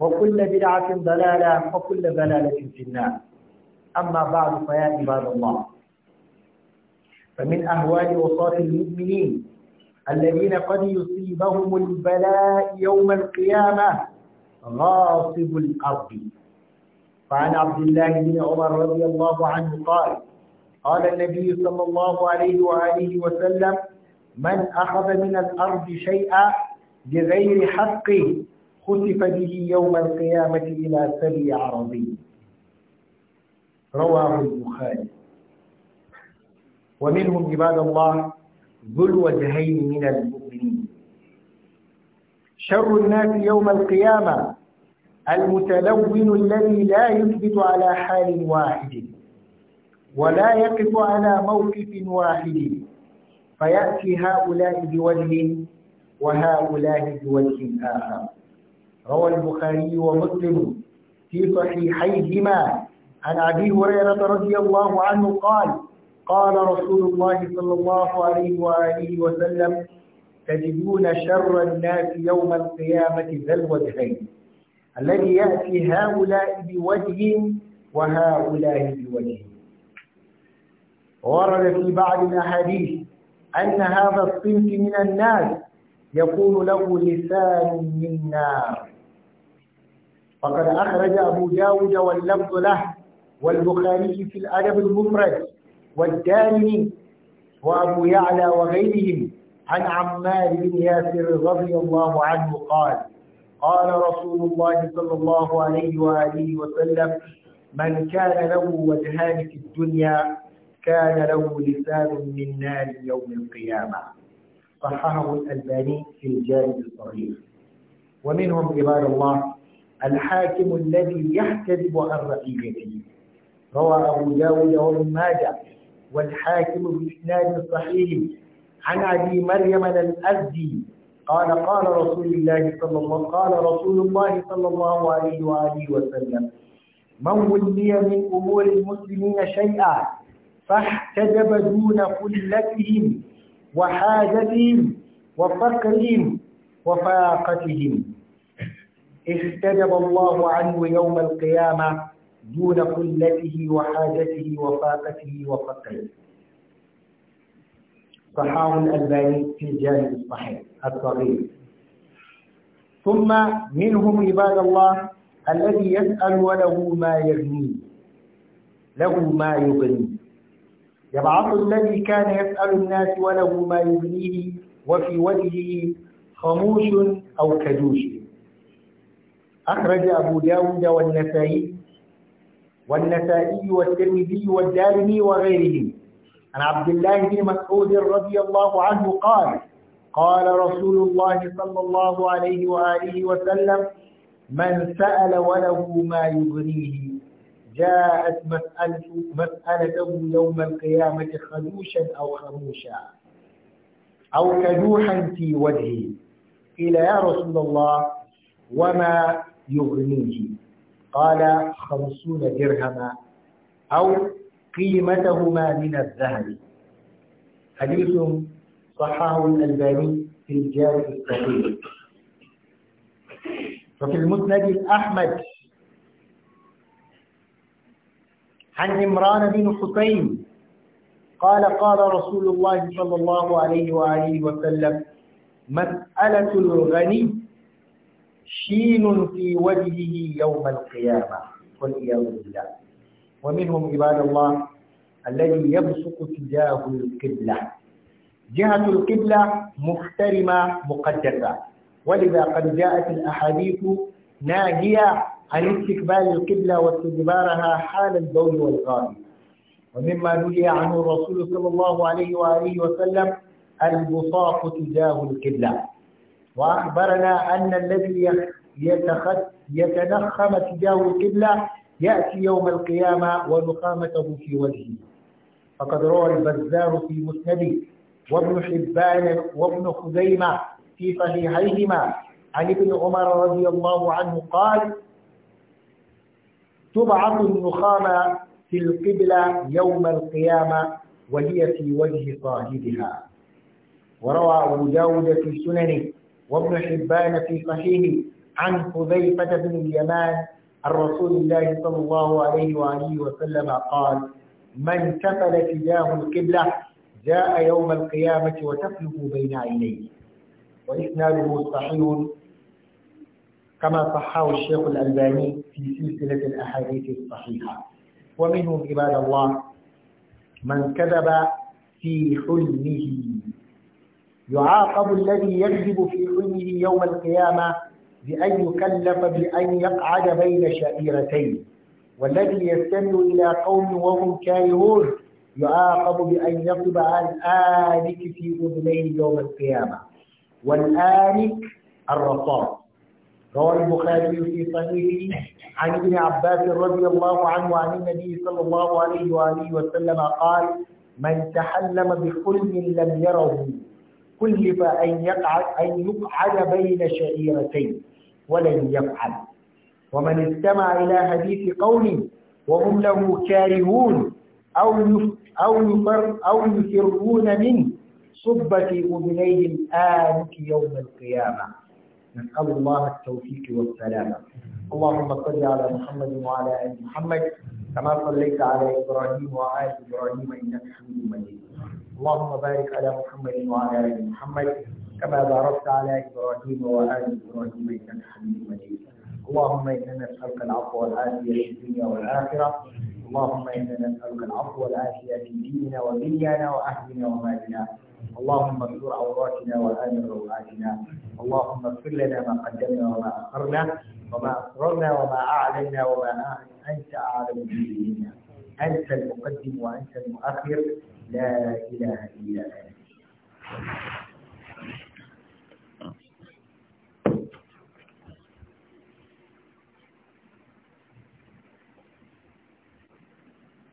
وكل بدعة ضلالة وكل ضلالة في النار أما بعد فيا عباد الله فمن أهوال وصاة المؤمنين الذين قد يصيبهم البلاء يوم القيامة غاصب الأرض فعن عبد الله بن عمر رضي الله عنه قال قال النبي صلى الله عليه وآله وسلم من أخذ من الأرض شيئا بغير حقه خسف به يوم القيامة إلى سبي عربي رواه البخاري ومنهم عباد الله ذو الوجهين من المؤمنين شر الناس يوم القيامة المتلون الذي لا يثبت على حال واحد ولا يقف على موقف واحد فيأتي هؤلاء بوجه وهؤلاء بوجه آخر روى البخاري ومسلم في صحيحيهما عن أبي هريرة رضي الله عنه قال قال رسول الله صلى الله عليه وآله وسلم تجدون شر الناس يوم القيامة ذا الوجهين الذي يأتي هؤلاء بوجه وهؤلاء بوجه ورد في بعض الأحاديث أن هذا الصنف من الناس يكون له لسان من نار فقد أخرج أبو داود واللفظ له والبخاري في الأدب المفرد والدارمي وأبو يعلى وغيرهم عن عمار بن ياسر رضي الله عنه قال قال رسول الله صلى الله عليه وآله وسلم من كان له وجهان في الدنيا كان له لسان من نار يوم القيامة صححه الألباني في الجانب الصغير ومنهم عباد الله الحاكم الذي يحتجب عن رعيته روى أبو داود وابن ماجه والحاكم بإسناد صحيح عن أبي مريم الأزدي قال قال رسول الله صلى الله قال رسول الله صلى الله عليه وآله وسلم من ولي من أمور المسلمين شيئا فاحتجب دون قلتهم وحاجتهم وفقرهم وفاقتهم احتجب الله عنه يوم القيامة دون قلته وحاجته وفاقته وفقره صححه الألباني في الجانب الصحيح الصغير ثم منهم عباد الله الذي يسأل وله ما يغنيه له ما يغنيه يبعث الذي كان يسأل الناس وله ما يغنيه وفي وجهه خموش أو كدوش أخرج أبو داود والنسائي والنسائي والترمذي والدارمي وغيرهم عن عبد الله بن مسعود رضي الله عنه قال قال رسول الله صلى الله عليه وآله وسلم من سأل وله ما يغنيه جاءت مسألته, مسألته يوم القيامة خدوشا أو خموشا أو كدوحا في وجهه قيل يا رسول الله وما يغنيه قال خمسون درهما أو قيمتهما من الذهب حديث صححه الألباني في الجامع الصحيح وفي المسند الأحمد عن عمران بن حسين قال قال رسول الله صلى الله عليه وآله وسلم مسألة الغني شين في وجهه يوم القيامة والعياذ بالله ومنهم عباد الله الذي يبصق تجاه القبلة جهة القبلة محترمة مقدسة ولذا قد جاءت الأحاديث ناهية عن استقبال القبلة واستدبارها حال البول والغائب ومما نهي عنه الرسول صلى الله عليه وآله وسلم البصاق تجاه القبلة وأخبرنا أن الذي يتنخم تجاه القبلة يأتي يوم القيامة ونخامته في وجهه فقد روى البزار في مسنده وابن حبان وابن خزيمة في صحيحيهما عن ابن عمر رضي الله عنه قال تبعث النخامة في القبلة يوم القيامة وهي في وجه صاحبها وروى أبو داود في سننه وابن حبان في صحيحه عن حذيفة بن اليمان عن رسول الله صلى الله عليه وآله وسلم قال من كفل تجاه القبلة جاء يوم القيامة وتفلق بين عينيه وإسناده صحيح كما صحه الشيخ الألباني في سلسلة الأحاديث الصحيحة ومنهم عباد الله من كذب في حلمه يعاقب الذي يكذب في علمه يوم القيامة بأن يكلف بأن يقعد بين شعيرتين والذي يستمع إلى قوم وهم كارهون يعاقب بأن يطب عن آنك في أذنيه يوم القيامة والآنك الرصاص روى البخاري في صحيحه عن ابن عباس رضي الله عنه عن النبي صلى الله عليه وآله وسلم قال من تحلم بحلم لم يره كلف أن يقعد أن يقعد بين شعيرتين ولن يفعل ومن استمع إلى حديث قوم وهم له كارهون أو أو يفر أو يفرون منه صب في أذنيه الآن يوم القيامة نسأل الله التوفيق والسلامة اللهم صل على محمد وعلى آل محمد كما صليت على إبراهيم وعلى إبراهيم إنك حميد مجيد اللهم بارك على محمد وعلى آل محمد كما باركت على إبراهيم وآل إبراهيم إنك حميد مجيد اللهم إنا نسألك العفو والعافية في الدنيا والآخرة اللهم إنا نسألك العفو والعافية في ديننا ودنيانا وأهلنا ومالنا اللهم استر عوراتنا وآمن روعاتنا اللهم اغفر لنا ما قدمنا وما أخرنا وما أسررنا وما أعلنا وما أنت أعلم به منا أنت المقدم وأنت المؤخر لا إله إلا أنت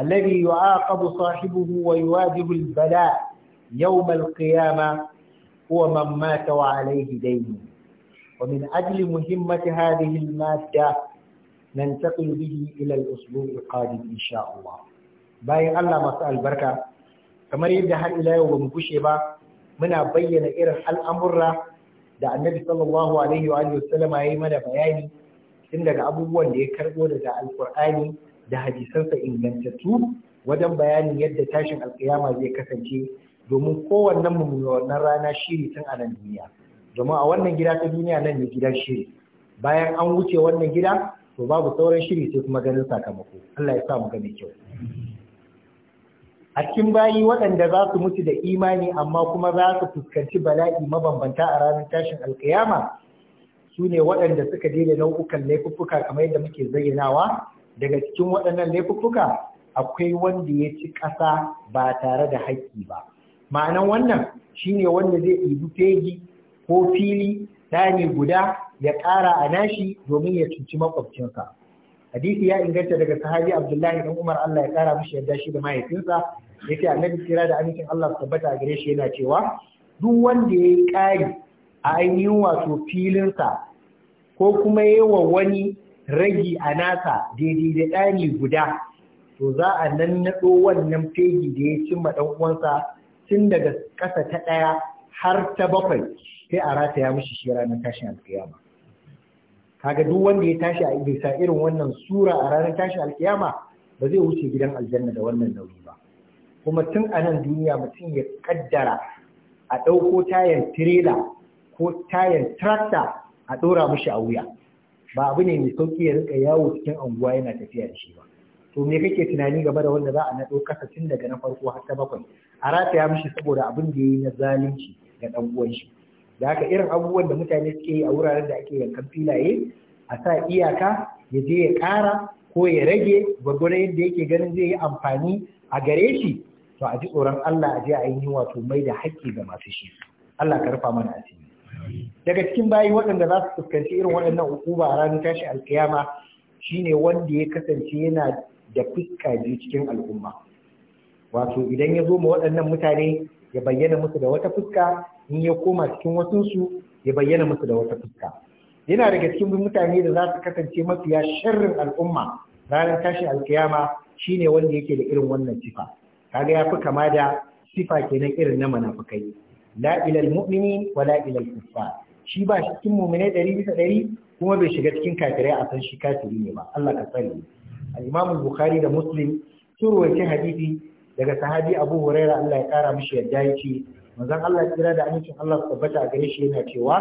الذي يعاقب صاحبه ويواجه البلاء يوم القيامة هو من مات وعليه دين ومن أجل مهمة هذه المادة ننتقل به إلى الأسبوع القادم إن شاء الله باي الله مساء البركة كما يبدأ إلى يوم مكشبة muna bayyana irin al'amurra da annabi sallallahu alaihi wa sallama ya yi mana bayani tun daga abubuwan da ya karbo daga alkur'ani da hadisansa ingantattu wajen bayanin yadda tashin alkiyama zai kasance domin kowannen mu wannan rana shiri tun a nan duniya domin a wannan gida ta duniya nan ne gidan shiri bayan an wuce wannan gida to babu sauran shiri sai kuma ganin sakamako Allah ya sa mu ga mai kyau a cikin bayi waɗanda za su mutu da imani amma kuma za su fuskanci bala'i mabambanta a ranar tashin alkiyama su ne waɗanda suka daina nau'ukan laifuffuka kamar yadda muke zayyanawa daga cikin waɗannan laifuffuka akwai wanda ya ci ƙasa ba tare da haƙƙi ba ma'anan wannan shine wanda zai ɗibi fegi ko fili ɗani guda ya ƙara a nashi domin ya cuci makwabcinsa hadisi ya inganta daga sahabi abdullahi dan umar allah ya ƙara mishi yadda shi da mahaifinsa ya ce annabi kira da amincin allah su tabbata a gare shi yana cewa duk wanda ya yi ƙari a ainihin wato filinsa ko kuma yi wa wani ragi a nasa daidai da ɗani guda to za a nan naɗo wannan fegi da ya cimma ɗan uwansa tun daga ƙasa ta ɗaya har ta bakwai sai a rataya mishi shi ranar tashin alkiyama kaga duk wanda ya tashi a bisa irin wannan sura a ranar tashin alkiyama ba zai wuce gidan aljanna da wannan nauyi ba kuma tun a nan duniya mutum ya kaddara a ɗauko tayan tirela ko tayan tractor a ɗora mishi a wuya ba abu ne mai sauki ya rinka yawo cikin anguwa yana tafiya da shi ba to me kake tunani game da wanda za a naɗo kasa tun daga na farko har ta bakwai a rataya mishi saboda abin da ya yi na zalunci ga ɗan uwan shi da haka irin abubuwan da mutane suke yi a wuraren da ake yankan filaye a sa iyaka ya je ya ƙara ko ya rage gwagwaran yadda yake ganin zai yi amfani a gare shi to a ji tsoron Allah a je a yi wato mai da haƙƙi ga masu shi Allah ka rufa mana asiri daga cikin bayi waɗanda za su fuskanci irin waɗannan hukuma a ranar tashi alkiyama shine wanda ya kasance yana da fuska biyu cikin al'umma wato idan ya zo ma waɗannan mutane ya bayyana musu da wata fuska in ya koma cikin wasunsu ya bayyana musu da wata fuska yana daga cikin mutane da za su kasance mafiya sharrin al'umma ranar tashi alkiyama shine wanda yake da irin wannan sifa kaga ya fi kama da sifa kenan irin na munafukai la ilal mu'minin wa la ilal shi ba cikin mu'mine 100 bisa dari kuma bai shiga cikin kafirai a san shi kafiri ne ba Allah ka tsare al Bukhari da Muslim sun rawaita hadisi daga sahabi Abu huraira Allah ya kara mishi yadda yake manzon Allah ya kira da amincin Allah tabbata a gare shi yana cewa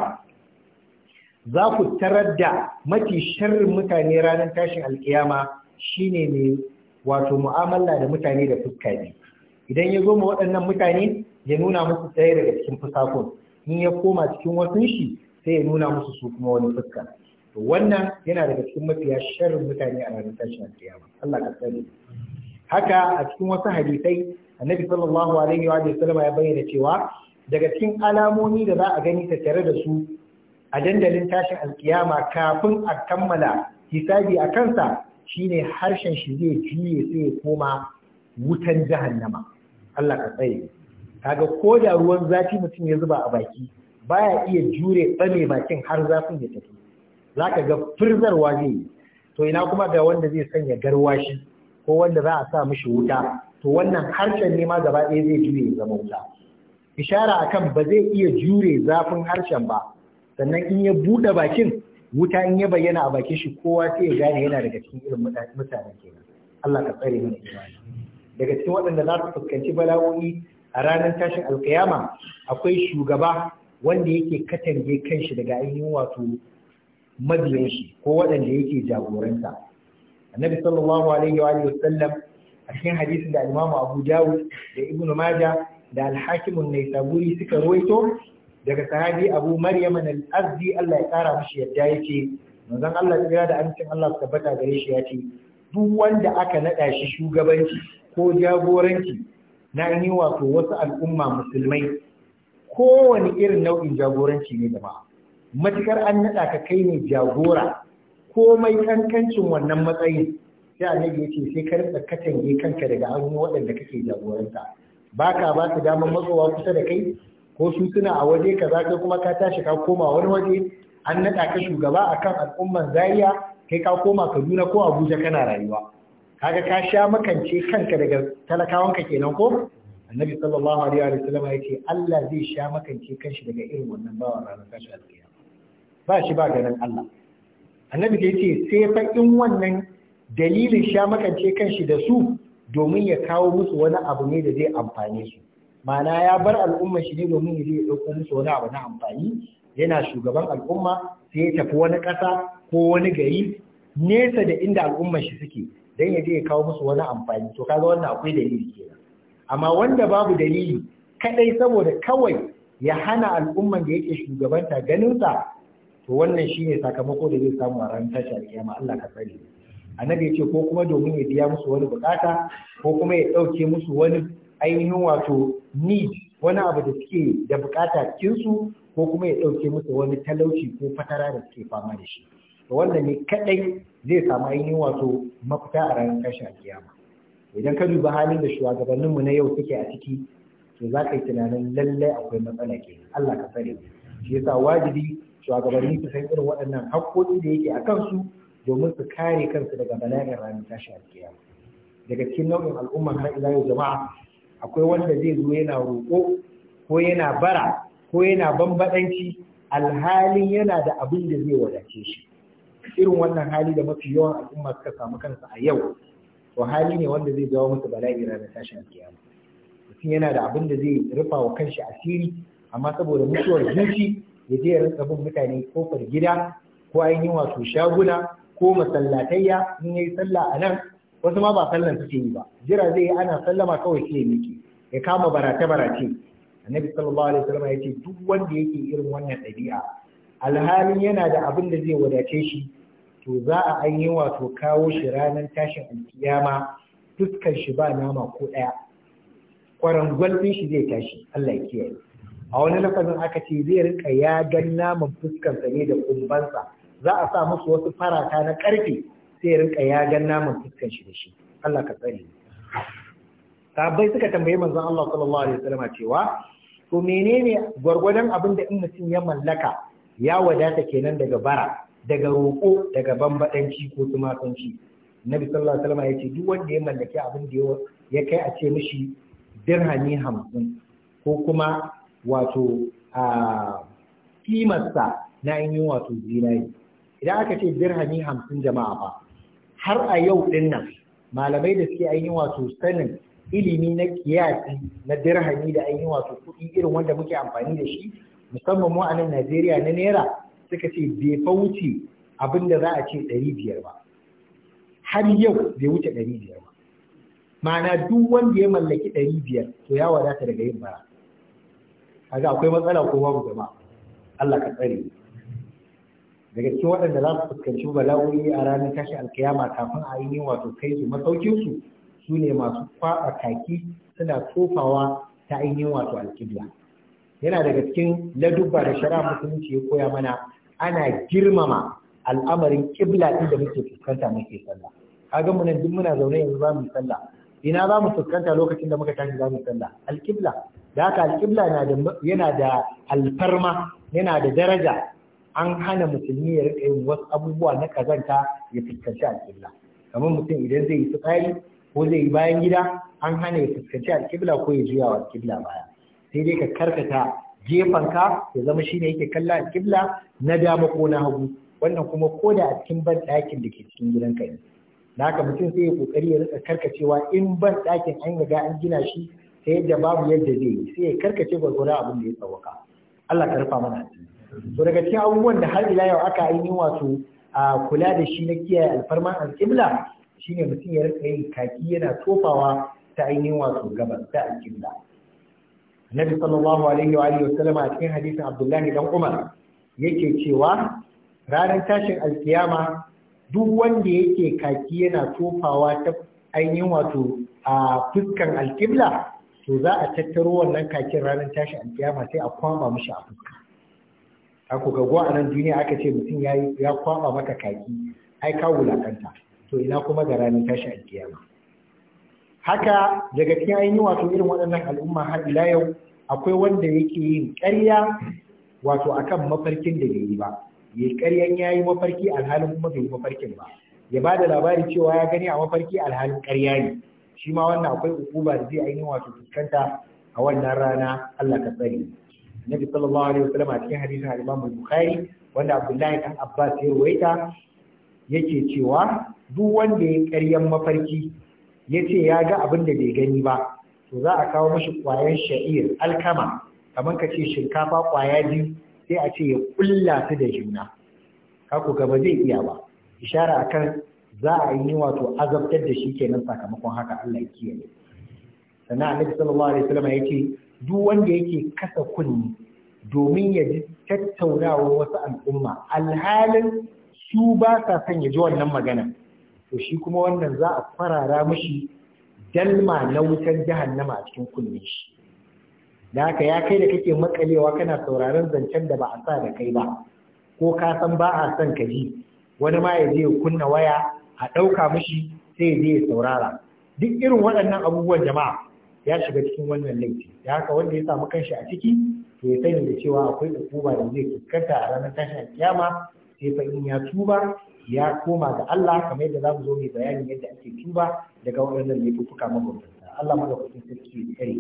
za ku tarar da mafi sharrin mutane ranar tashin alkiyama shine ne wato mu'amala da mutane da fuska ne idan ya zo ma waɗannan mutane ya nuna musu ɗaya daga cikin fusakun in ya koma cikin wasu shi sai ya nuna musu su kuma wani fuska to wannan yana daga cikin mafiya sharrin mutane a ranar tashin alƙiyama. Allah ka tsare haka a cikin wasu hadisai annabi sallallahu alaihi wa sallam ya bayyana cewa daga cikin alamomi da za a gani tattare da su a dandalin tashin alƙiyama kafin a kammala hisabi a kansa shine harshen shi zai juye sai ya koma wutan jahannama Allah ka tsaye kaga ko da ruwan zafi mutum ya zuba a baki baya iya jure tsame bakin har zafin ya tafi zaka ga firzarwa zai yi to ina kuma ga wanda zai sanya garwashi ko wanda za a sa mishi wuta to wannan harshen ne ma gaba ɗaya zai jure ya zama wuta ishara akan ba zai iya jure zafin harshen ba sannan in ya buɗe bakin wuta in ya bayyana a bakin shi kowa sai ya gane yana daga cikin irin mutanen kenan Allah ka tsare mana daga cikin waɗanda za su fuskanci bala'o'i a ranar tashin alkiyama akwai shugaba wanda yake katange kanshi daga ainihin wato mabiyan shi ko waɗanda yake jagoranta annabi sallallahu alaihi wa sallam a cikin hadisin da imamu abu dawud da ibnu maja da alhakimun naisaburi suka ruwaito daga sahabi abu maryam al-azdi Allah ya kara mishi yadda yake manzon Allah ya da amincin Allah tabbata gare shi ya ce duk wanda aka nada shi shugabanci ko jagoranci na ainihin wato wasu al'umma musulmai kowane irin nau'in jagoranci ne da ba matukar an naɗa ka kai ne jagora komai kankancin wannan matsayin sai annabi yace sai ka rinka katange kanka daga hannu waɗanda kake jagoranta baka ba su damar matsowa kusa da kai ko su suna a waje ka kai kuma ka tashi ka koma wani waje an naɗa ka shugaba akan al'umman Zariya kai ka koma Kaduna ko Abuja kana rayuwa kaga ka sha makance kanka daga talakawanka kenan ko annabi sallallahu alaihi wa sallam yace Allah zai sha makance kanshi daga irin wannan bawan ranar tashi alkiyama ba shi ba ganin Allah annabi da yace sai fa in wannan dalilin sha makance kanshi da su domin ya kawo musu wani abu ne da zai amfane su ma'ana ya bar al'umma shi ne domin ya zai dauko musu wani abu na amfani yana shugaban al'umma sai ya tafi wani ƙasa ko wani gari nesa da inda al'ummar shi suke Don ya je ya kawo musu wani amfani to kaga wannan akwai dalili kenan amma wanda babu dalili kadai saboda kawai ya hana al'umman da yake shugabanta ganin sa to wannan shine sakamako da zai samu a ranar tashi alkiyama Allah ka sani annabi ya ce ko kuma domin ya biya musu wani bukata ko kuma ya dauke musu wani ainihin wato need wani abu da suke da bukata cikin su ko kuma ya dauke musu wani talauci ko fatara da suke fama da shi to wannan ne kadai zai samu ainihin wato mafita a ranar a kiyama idan ka duba halin da shugabanninmu na yau suke a ciki to za ka yi tunanin lallai akwai matsala ke Allah ka tsare mu shi yasa wajibi shugabanni su san irin waɗannan haƙƙoƙi da yake a kansu domin su kare kansu daga bala'in ranar a kiyama daga cikin nau'in al'umma har ila yau jama'a akwai wanda zai zo yana roƙo ko yana bara ko yana bambaɗanci alhalin yana da abin da zai wadace shi irin wannan hali da mafi yawan al'umma suka samu kansa a yau to hali ne wanda zai jawo musu bala'i da tashin kiyama mutum yana da abin da zai rufa wa kanshi asiri amma saboda mutuwar zuci ya je ya rinka bin mutane kofar gida ko ainihin wato shaguna ko masallatayya in ya yi sallah a nan wasu ma ba sallan suke yi ba jira zai yi ana sallama kawai sai ya miki ya kama barate-barate. barace annabi sallallahu alaihi wasallam ya ce duk wanda yake irin wannan ɗabi'a alhalin yana da abin da zai wadace shi to za a an yi wato kawo shi ranar tashin alkiyama dukkan shi ba nama ko ɗaya kwarangwal ɗin shi zai tashi Allah ya kiyaye a wani lafazin aka ce zai rinka ya gan naman fuskarsa ne da kumbansa za a sa musu wasu farata na karfe sai rinka ya gan naman fuskan shi da shi Allah ka tsare sabai suka tambayi manzon Allah sallallahu alaihi wasallam cewa to menene gwargwadon abin da in mutum ya mallaka ya wadata kenan daga bara daga roƙo daga bambaɗanci ko tumatanci nabi sallallahu alaihi wasallam ya ce duk wanda ya mallaki abin da ya kai a ce mishi dirhami hamsin ko kuma wato a kimarsa na yin wato zinari idan aka ce dirhami hamsin jama'a ba har a yau din nan malamai da suke ainihin wato sanin ilimi na kiyasi na dirhami da ainihin wato kuɗi irin wanda muke amfani da shi musamman mu a nan Najeriya na naira suka ce bai fa wuce abin da za a ce ɗari biyar ba har yau bai wuce ɗari biyar ba ma'ana duk wanda ya mallaki ɗari biyar to ya wadata daga yin bara kaga akwai matsala ko babu gama Allah ka tsare daga cikin waɗanda za su fuskanci bala'o'i a ranar tashi alkiyama kafin a yi wato kai su masaukin su ne masu kwaɓa kaki suna tofawa ta ainihin wato alƙibla yana daga cikin ladubba da shara musulunci ya koya mana ana girmama al'amarin kibla ɗin da muke fuskanta muke sallah kaga mu nan duk muna zaune yanzu za mu sallah ina za mu fuskanta lokacin da muka tashi za mu sallah alƙibla da haka alƙibla yana da alfarma yana da daraja an hana musulmi ya riƙa yin wasu abubuwa na kazanta ya fuskanci alkibla. kamar mutum idan zai yi fitsari ko zai yi bayan gida an hana ya fuskanci alkibla ko ya juya wa alƙibla baya sai dai ka karkata gefanka ya zama shine yake kalla a kibla na dama ko na hagu wannan kuma ko da a cikin ban ɗakin da ke cikin gidan ka ne na haka mutum sai ya kokari ya rika karkacewa in ban ɗakin an riga an gina shi ta yadda babu yadda zai yi sai ya karkace gwargwaron abin da ya tsawaka Allah ka rufa mana to daga cikin abubuwan da har ila yau aka ainihin wato a kula da shi na kiyaye alfarman alƙibla shine mutum ya rika yin kaki yana tofawa ta ainihin wato gabas ta alƙibla Nabi sallallahu alaihi wa alihi wasallam a cikin hadisin Abdullahi dan Umar yake cewa ranar tashin alkiyama duk wanda yake kaki yana tofawa ta ainihin wato a fuskan alkibla to za a tattaro wannan kakin ranar tashin alkiyama sai a kwamba mishi a fuska ako ga a nan duniya aka ce mutum ya kwamba maka kaki ai ka wulakanta to ina kuma ga ranar tashin alkiyama haka daga cikin ainihin wato irin waɗannan al'umma har ila yau akwai wanda yake yin ƙarya wato akan mafarkin da bai yi ba ya ƙaryan ya yi mafarki alhalin kuma bai yi mafarkin ba ya ba da labari cewa ya gani a mafarki alhalin ƙarya ne shi ma wannan akwai hukuma da zai ainihin wato fuskanta a wannan rana Allah ka tsare Nabi sallallahu alaihi wasallam a cikin hadisin al-Imam Bukhari wanda Abdullahi dan Abbas ya ruwaita yake cewa duk wanda ya ƙaryan mafarki ya ce ya ga abin da bai gani ba to za a kawo mashi ƙwayar sha'ir alkama kamar ka ce shinkafa ƙwaya biyu sai a ce ya ƙulla su da juna kaku gaba zai iya ba ishara akan za a yi wato azabtar da shi kenan sakamakon haka Allah ya kiyaye sannan annabi sallallahu alaihi wasallam ya ce duk wanda yake kasa kunni domin ya ji tattaunawa wasu al'umma alhalin su ba sa son ya ji wannan magana to shi kuma wannan za a farara mashi dalma na wutan jahannama a cikin kunne shi da haka ya kai da kake makalewa kana sauraron zancen da ba a sa da kai ba ko ka san ba a son ka ji wani ma ya je ya kunna waya a ɗauka mashi sai ya je ya saurara duk irin waɗannan abubuwan jama'a ya shiga cikin wannan laifi da haka wanda ya samu kanshi a ciki to ya sani da cewa akwai ukuba da zai fuskanta a ranar tashin kiyama sai fa in ya tuba ya koma ga Allah kamar yadda za mu zo mai bayanin yadda ake tuba daga waɗannan laifuka mabambanta Allah madaukakin sarki ya tsare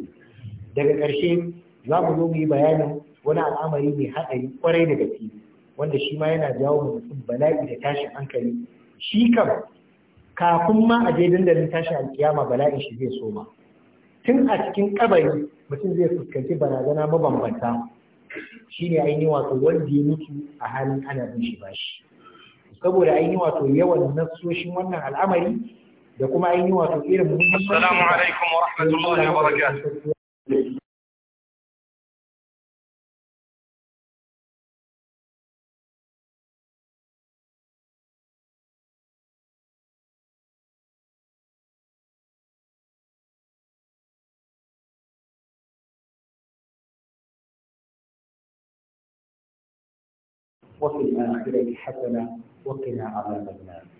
daga ƙarshe za mu zo mu yi bayanin wani al'amari mai haɗari kwarai da gaske wanda shi ma yana jawo mutum bala'i da tashin hankali shi kam kafin ma a je dandalin tashin alkiyama bala'in shi zai soma tun a cikin kabari mutum zai fuskanci barazana mabambanta shine ainihin wato wanda ya mutu a halin ana bin shi bashi saboda ainihi wato yawan nasoshin wannan al'amari da kuma ainihi wato irin muhimmanci assalamu alaikum wa rahmatullahi wa barakatuh وفي الآخرة حسنة وقنا عذاب النار